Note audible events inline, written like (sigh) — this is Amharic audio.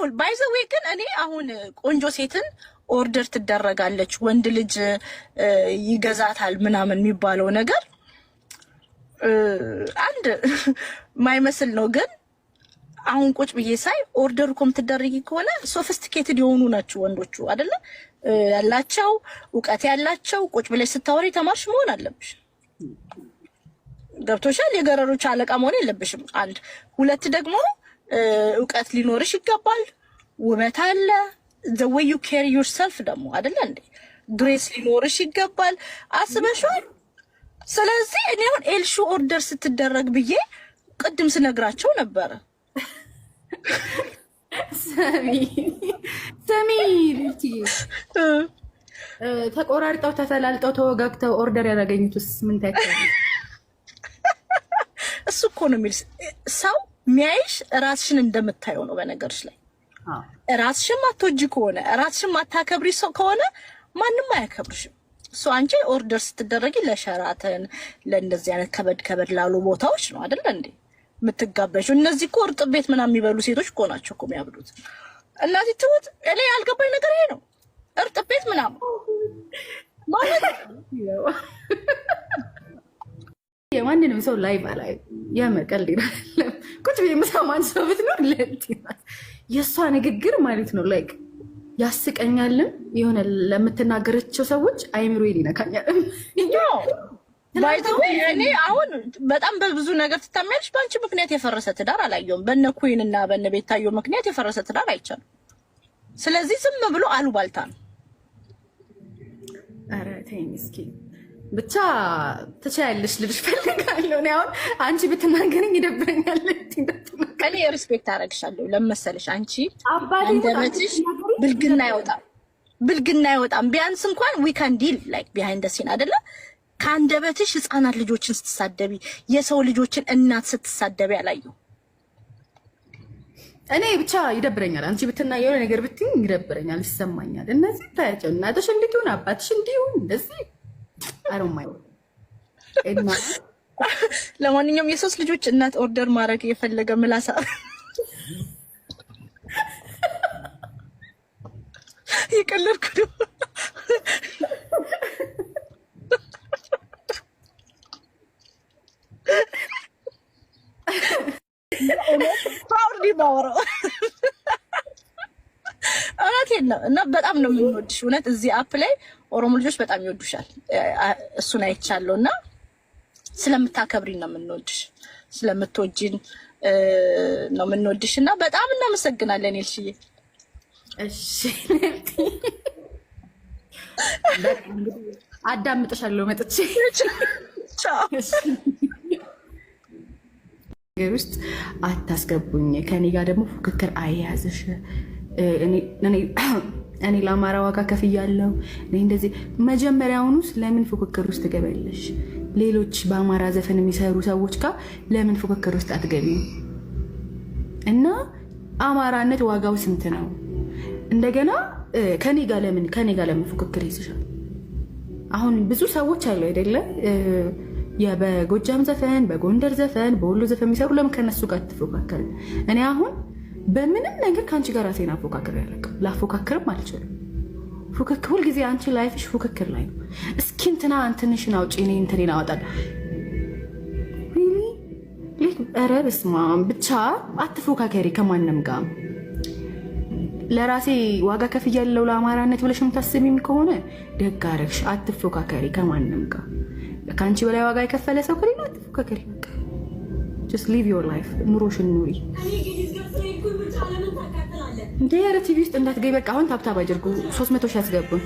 ቢዩቲፉል ባይ ዘ ዌይ ግን እኔ አሁን ቆንጆ ሴትን ኦርደር ትደረጋለች ወንድ ልጅ ይገዛታል ምናምን የሚባለው ነገር አንድ (laughs) ማይመስል ነው። ግን አሁን ቁጭ ብዬ ሳይ ኦርደር እኮ የምትደረጊ ከሆነ ሶፊስቲኬትድ የሆኑ ናቸው ወንዶቹ አደለ ያላቸው እውቀት ያላቸው ቁጭ ብለሽ ስታወሪ ተማርሽ መሆን አለብሽ። ገብቶሻል? የገረሮች አለቃ መሆን የለብሽም። አንድ ሁለት ደግሞ እውቀት ሊኖርሽ ይገባል። ውበት አለ ዘወይ ዩ ኬር ሰልፍ ደግሞ አደለ እንዴ? ግሬስ ሊኖርሽ ይገባል። አስበሽዋል። ስለዚህ እኔ አሁን ኤልሹ ኦርደር ስትደረግ ብዬ ቅድም ስነግራቸው ነበረ። ሰሚ ተቆራርጠው ተፈላልጠው ተወጋግተው ኦርደር ያላገኙትስ ምን ታይቻለ? እሱ እኮ ነው የሚል ሰው ሚያይሽ ራስሽን እንደምታየው ነው። በነገርሽ ላይ ራስሽን ማትወጂ ከሆነ ራስሽን ማታከብሪ ሰው ከሆነ ማንም አያከብርሽም። እሱ አንቺ ኦርደር ስትደረጊ ለሸራተን ለእንደዚህ አይነት ከበድ ከበድ ላሉ ቦታዎች ነው አደለ እንዴ የምትጋበሹ። እነዚህ እኮ እርጥ ቤት ምናምን የሚበሉ ሴቶች እኮ ናቸው እኮ የሚያብሉት። እናዚህ ትሁት እኔ ያልገባኝ ነገር ይሄ ነው። እርጥ ቤት ምናምን የማንንም ሰው ላይ ባላይ ያመቀል ይላል ቁጭ ብዬ የምሰማን ሰው ብትኖር የእሷ ንግግር ማለት ነው ላይክ ያስቀኛልም የሆነ ለምትናገረቸው ሰዎች አይምሮ ይነካኛል። እኔ አሁን በጣም በብዙ ነገር ትታሚያለሽ። በአንቺ ምክንያት የፈረሰ ትዳር አላየውም። በነ ኩን እና በነ ቤታዮ ምክንያት የፈረሰ ትዳር አይቻልም። ስለዚህ ዝም ብሎ አሉባልታ ነው። ኧረ ተይኝ እስኪ ብቻ ትችያለሽ ልልሽ ፈልጋለሁ። እኔ አሁን አንቺ ብትናገርኝ ይደብረኛል። እኔ ሪስፔክት አደርግሻለሁ። ለመሰለሽ አንቺ አንደበትሽ ብልግና አይወጣም፣ ብልግና አይወጣም። ቢያንስ እንኳን ዊ ካን ዲል ላይክ ቢሃይንድ ሲን አይደለ? ከአንደበትሽ ህፃናት ልጆችን ስትሳደቢ፣ የሰው ልጆችን እናት ስትሳደቢ አላየሁ። እኔ ብቻ ይደብረኛል። አንቺ ብትና የሆነ ነገር ብትይኝ ይደብረኛል፣ ይሰማኛል። እነዚህ ታያቸው እናቶች እንዲሁን አባትሽ እንዲሁን እንደዚህ (laughs) ለማንኛውም የሶስት ልጆች እናት ኦርደር ማድረግ የፈለገ ምላሳ (laughs) የቀለድኩ ነው። ዲ (laughs) ማወራው የለም እና በጣም ነው የምንወድሽ። እውነት እዚህ አፕ ላይ ኦሮሞ ልጆች በጣም ይወዱሻል። እሱን አይቻለሁ እና ስለምታከብሪ ነው የምንወድሽ፣ ስለምትወጂን ነው የምንወድሽ እና በጣም እናመሰግናለን ኤልሽዬ። አዳምጥሻለሁ መጥቼ ነገር ውስጥ አታስገቡኝ። ከኔ ጋር ደግሞ ፉክክር አያያዝሽ እኔ ለአማራ ዋጋ ከፍያለሁ፣ እኔ እንደዚህ መጀመሪያውኑስ ለምን ፉክክር ውስጥ ትገቢያለሽ? ሌሎች በአማራ ዘፈን የሚሰሩ ሰዎች ጋር ለምን ፉክክር ውስጥ አትገቢም? እና አማራነት ዋጋው ስንት ነው? እንደገና ከኔ ጋር ለምን ከኔ ጋር ለምን ፉክክር ይዝሻል? አሁን ብዙ ሰዎች አሉ አይደለ? በጎጃም ዘፈን፣ በጎንደር ዘፈን፣ በወሎ ዘፈን የሚሰሩ ለምን ከነሱ ጋር ትፎካከል? እኔ አሁን በምንም ነገር ከአንቺ ጋር ራሴን አፎካክር ያለቅም ላፎካክርም አልችልም። ሁልጊዜ አንቺ ላይፍሽ ፉክክር ላይ ነው። እስኪ እንትና እንትንሽን አውጪ እኔ እንትኔን አወጣል። ኧረ በስመ አብ ብቻ አትፎካከሪ ከማንም ጋር። ለራሴ ዋጋ ከፍ ከፍያለሁ ለአማራነት ብለሽ የምታስቢም ከሆነ ደግ አደረግሽ። አትፎካከሪ ከማንም ጋር። ከአንቺ በላይ ዋጋ የከፈለ ሰው ከሌላ አትፎካከሪ። በቃ ጀስት ሊቭ ዮር ላይፍ ኑሮሽን ኑሪ። እንደ ኧረ ቲቪ ውስጥ እንዳትገኝ በቃ አሁን ታብታብ አድርጉ። ሶስት መቶ ሺህ አስገቡን።